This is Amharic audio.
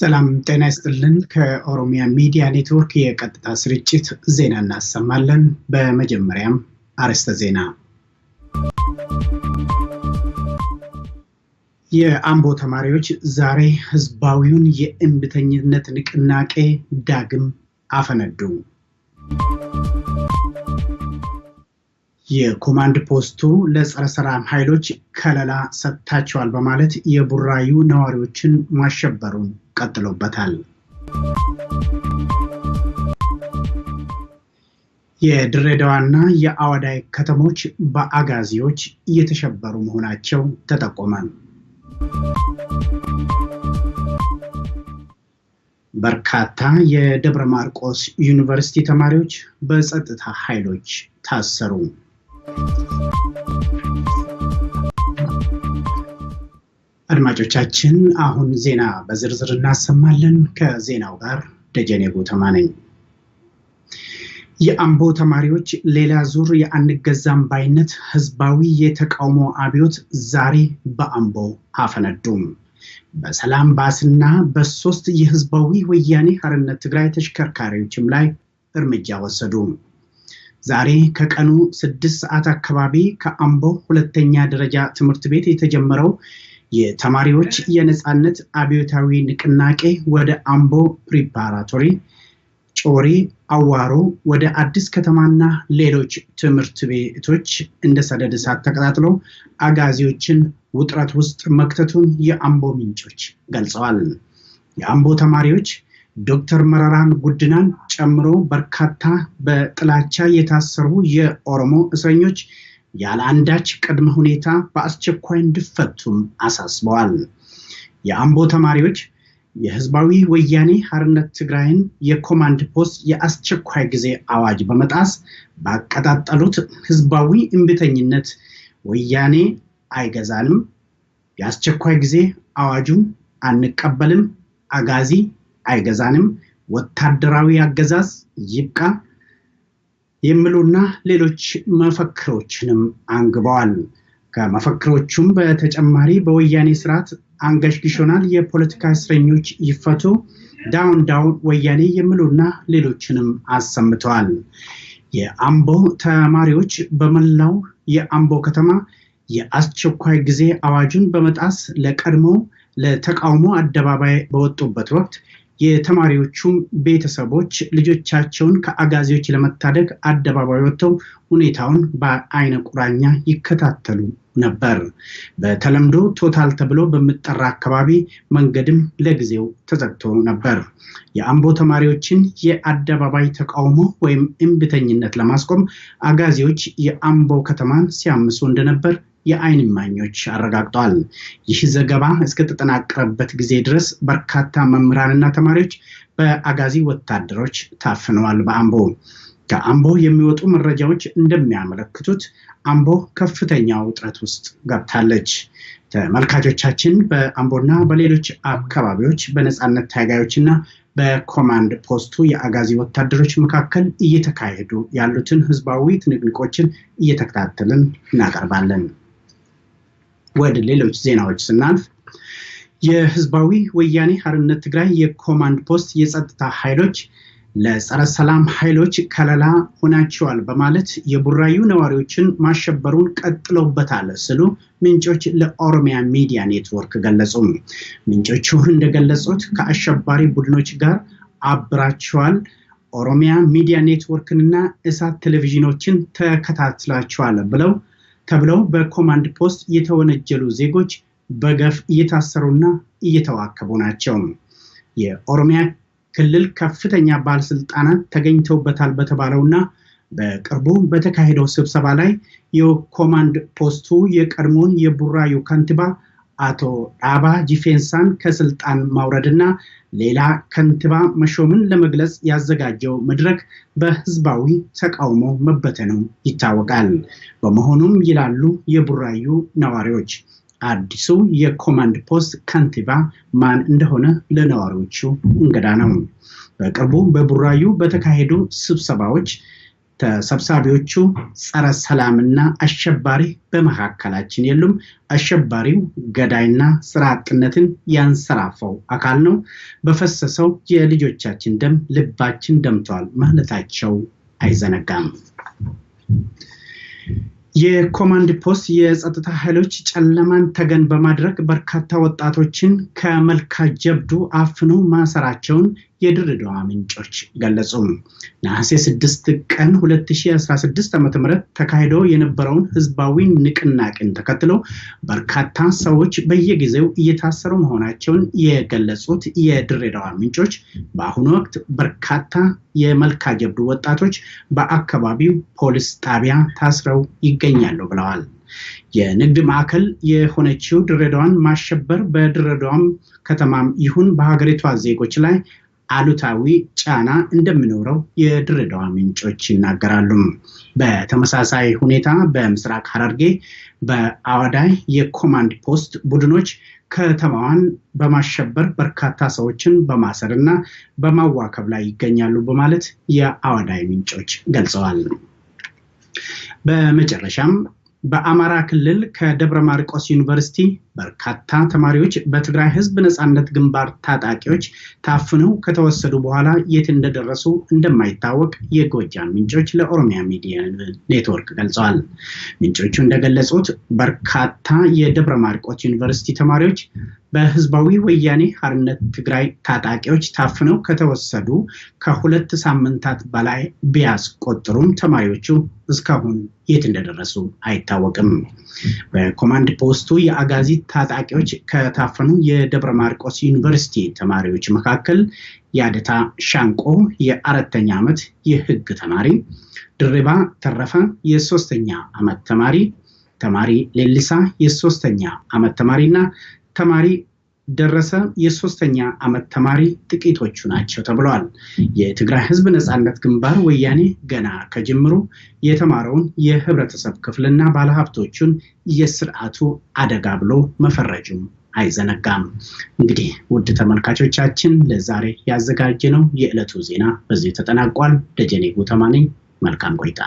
ሰላም ጤና ይስጥልን። ከኦሮሚያ ሚዲያ ኔትወርክ የቀጥታ ስርጭት ዜና እናሰማለን። በመጀመሪያም አርዕስተ ዜና። የአምቦ ተማሪዎች ዛሬ ህዝባዊውን የእንብተኝነት ንቅናቄ ዳግም አፈነዱ። የኮማንድ ፖስቱ ለጸረ ሰላም ኃይሎች ከለላ ሰጥታቸዋል በማለት የቡራዩ ነዋሪዎችን ማሸበሩን ቀጥሎበታል። የድሬዳዋና የአወዳይ ከተሞች በአጋዚዎች እየተሸበሩ መሆናቸው ተጠቆመ። በርካታ የደብረ ማርቆስ ዩኒቨርሲቲ ተማሪዎች በጸጥታ ኃይሎች ታሰሩ። አድማጮቻችን አሁን ዜና በዝርዝር እናሰማለን። ከዜናው ጋር ደጀኔ ጎተማ ነኝ። የአምቦ ተማሪዎች ሌላ ዙር የአንገዛም ባይነት ህዝባዊ የተቃውሞ አብዮት ዛሬ በአምቦ አፈነዱም። በሰላም ባስና በሶስት የህዝባዊ ወያኔ ሀርነት ትግራይ ተሽከርካሪዎችም ላይ እርምጃ ወሰዱ። ዛሬ ከቀኑ ስድስት ሰዓት አካባቢ ከአምቦ ሁለተኛ ደረጃ ትምህርት ቤት የተጀመረው የተማሪዎች የነፃነት አብዮታዊ ንቅናቄ ወደ አምቦ ፕሪፓራቶሪ፣ ጮሪ፣ አዋሮ፣ ወደ አዲስ ከተማና ሌሎች ትምህርት ቤቶች እንደ ሰደድ እሳት ተቀጣጥሎ አጋዚዎችን ውጥረት ውስጥ መክተቱን የአምቦ ምንጮች ገልጸዋል። የአምቦ ተማሪዎች ዶክተር መረራን ጉድናን ጨምሮ በርካታ በጥላቻ የታሰሩ የኦሮሞ እስረኞች ያለ አንዳች ቅድመ ሁኔታ በአስቸኳይ እንዲፈቱም አሳስበዋል። የአምቦ ተማሪዎች የህዝባዊ ወያኔ ሀርነት ትግራይን የኮማንድ ፖስት የአስቸኳይ ጊዜ አዋጅ በመጣስ ባቀጣጠሉት ህዝባዊ እምቢተኝነት ወያኔ አይገዛንም፣ የአስቸኳይ ጊዜ አዋጁ አንቀበልም፣ አጋዚ አይገዛንም፣ ወታደራዊ አገዛዝ ይብቃ የሚሉና ሌሎች መፈክሮችንም አንግበዋል። ከመፈክሮቹም በተጨማሪ በወያኔ ስርዓት አንገሽግሾናል፣ የፖለቲካ እስረኞች ይፈቱ፣ ዳውን ዳውን ወያኔ የሚሉና ሌሎችንም አሰምተዋል። የአምቦ ተማሪዎች በመላው የአምቦ ከተማ የአስቸኳይ ጊዜ አዋጁን በመጣስ ለቀድሞ ለተቃውሞ አደባባይ በወጡበት ወቅት የተማሪዎቹም ቤተሰቦች ልጆቻቸውን ከአጋዜዎች ለመታደግ አደባባይ ወጥተው ሁኔታውን በአይነ ቁራኛ ይከታተሉ ነበር። በተለምዶ ቶታል ተብሎ በሚጠራ አካባቢ መንገድም ለጊዜው ተዘግቶ ነበር። የአምቦ ተማሪዎችን የአደባባይ ተቃውሞ ወይም እምቢተኝነት ለማስቆም አጋዜዎች የአምቦ ከተማን ሲያምሱ እንደነበር የአይን ማኞች አረጋግጠዋል። ይህ ዘገባ እስከተጠናቀረበት ጊዜ ድረስ በርካታ መምህራንና ተማሪዎች በአጋዚ ወታደሮች ታፍነዋል። በአምቦ ከአምቦ የሚወጡ መረጃዎች እንደሚያመለክቱት አምቦ ከፍተኛ ውጥረት ውስጥ ገብታለች። ተመልካቾቻችን በአምቦና በሌሎች አካባቢዎች በነፃነት ታጋዮችና በኮማንድ ፖስቱ የአጋዚ ወታደሮች መካከል እየተካሄዱ ያሉትን ህዝባዊ ትንቅንቆችን እየተከታተልን እናቀርባለን። ወደ ሌሎች ዜናዎች ስናልፍ የህዝባዊ ወያኔ ሀርነት ትግራይ የኮማንድ ፖስት የጸጥታ ኃይሎች ለጸረ ሰላም ኃይሎች ከለላ ሆናቸዋል በማለት የቡራዩ ነዋሪዎችን ማሸበሩን ቀጥለውበታል ስሉ ምንጮች ለኦሮሚያ ሚዲያ ኔትወርክ ገለጹ። ምንጮቹ እንደገለጹት ከአሸባሪ ቡድኖች ጋር አብራቸዋል ኦሮሚያ ሚዲያ ኔትወርክንና እሳት ቴሌቪዥኖችን ተከታትላቸዋል ብለው ተብለው በኮማንድ ፖስት የተወነጀሉ ዜጎች በገፍ እየታሰሩና እየተዋከቡ ናቸው። የኦሮሚያ ክልል ከፍተኛ ባለስልጣናት ተገኝተውበታል በተባለውና በቅርቡ በተካሄደው ስብሰባ ላይ የኮማንድ ፖስቱ የቀድሞውን የቡራዩ ከንቲባ አቶ ዳባ ጂፌንሳን ከስልጣን ማውረድና ሌላ ከንቲባ መሾምን ለመግለጽ ያዘጋጀው መድረክ በህዝባዊ ተቃውሞ መበተኑ ይታወቃል። በመሆኑም ይላሉ የቡራዩ ነዋሪዎች አዲሱ የኮማንድ ፖስት ከንቲባ ማን እንደሆነ ለነዋሪዎቹ እንግዳ ነው። በቅርቡ በቡራዩ በተካሄዱ ስብሰባዎች ተሰብሳቢዎቹ ጸረ ሰላምና አሸባሪ በመካከላችን የሉም። አሸባሪው ገዳይና ስራ አጥነትን ያንሰራፋው አካል ነው። በፈሰሰው የልጆቻችን ደም ልባችን ደምቷል ማለታቸው አይዘነጋም። የኮማንድ ፖስት የጸጥታ ኃይሎች ጨለማን ተገን በማድረግ በርካታ ወጣቶችን ከመልካ ጀብዱ ማሰራቸውን የድሬዳዋ ምንጮች ገለጹ። ነሐሴ 6 ቀን 2016 ም ተካሂዶ የነበረውን ህዝባዊ ንቅናቄን ተከትሎ በርካታ ሰዎች በየጊዜው እየታሰሩ መሆናቸውን የገለጹት የድሬዳዋ ምንጮች በአሁኑ ወቅት በርካታ የመልካ ጀብዱ ወጣቶች በአካባቢው ፖሊስ ጣቢያ ታስረው ይገኛሉ ብለዋል። የንግድ ማዕከል የሆነችው ድሬዳዋን ማሸበር በድሬዳዋም ከተማም ይሁን በሀገሪቷ ዜጎች ላይ አሉታዊ ጫና እንደሚኖረው የድሬዳዋ ምንጮች ይናገራሉ። በተመሳሳይ ሁኔታ በምስራቅ ሐረርጌ በአዋዳይ የኮማንድ ፖስት ቡድኖች ከተማዋን በማሸበር በርካታ ሰዎችን በማሰር እና በማዋከብ ላይ ይገኛሉ በማለት የአዋዳይ ምንጮች ገልጸዋል። በመጨረሻም በአማራ ክልል ከደብረ ማርቆስ ዩኒቨርሲቲ በርካታ ተማሪዎች በትግራይ ህዝብ ነፃነት ግንባር ታጣቂዎች ታፍነው ከተወሰዱ በኋላ የት እንደደረሱ እንደማይታወቅ የጎጃም ምንጮች ለኦሮሚያ ሚዲያ ኔትወርክ ገልጸዋል። ምንጮቹ እንደገለጹት በርካታ የደብረ ማርቆስ ዩኒቨርሲቲ ተማሪዎች በህዝባዊ ወያኔ ሀርነት ትግራይ ታጣቂዎች ታፍነው ከተወሰዱ ከሁለት ሳምንታት በላይ ቢያስቆጥሩም ተማሪዎቹ እስካሁን የት እንደደረሱ አይታወቅም። በኮማንድ ፖስቱ የአጋዚ ታጣቂዎች ከታፈኑ የደብረ ማርቆስ ዩኒቨርሲቲ ተማሪዎች መካከል የአደታ ሻንቆ የአራተኛ ዓመት የህግ ተማሪ፣ ድሪባ ተረፈ የሶስተኛ ዓመት ተማሪ፣ ተማሪ ሌሊሳ የሶስተኛ ዓመት ተማሪ እና ተማሪ ደረሰ የሶስተኛ ዓመት ተማሪ ጥቂቶቹ ናቸው ተብለዋል። የትግራይ ህዝብ ነፃነት ግንባር ወያኔ ገና ከጅምሩ የተማረውን የህብረተሰብ ክፍልና ባለሀብቶቹን የስርዓቱ አደጋ ብሎ መፈረጁም አይዘነጋም። እንግዲህ ውድ ተመልካቾቻችን ለዛሬ ያዘጋጀነው የዕለቱ ዜና በዚሁ ተጠናቋል። ደጀኔ ጉተማ ነኝ። መልካም ቆይታ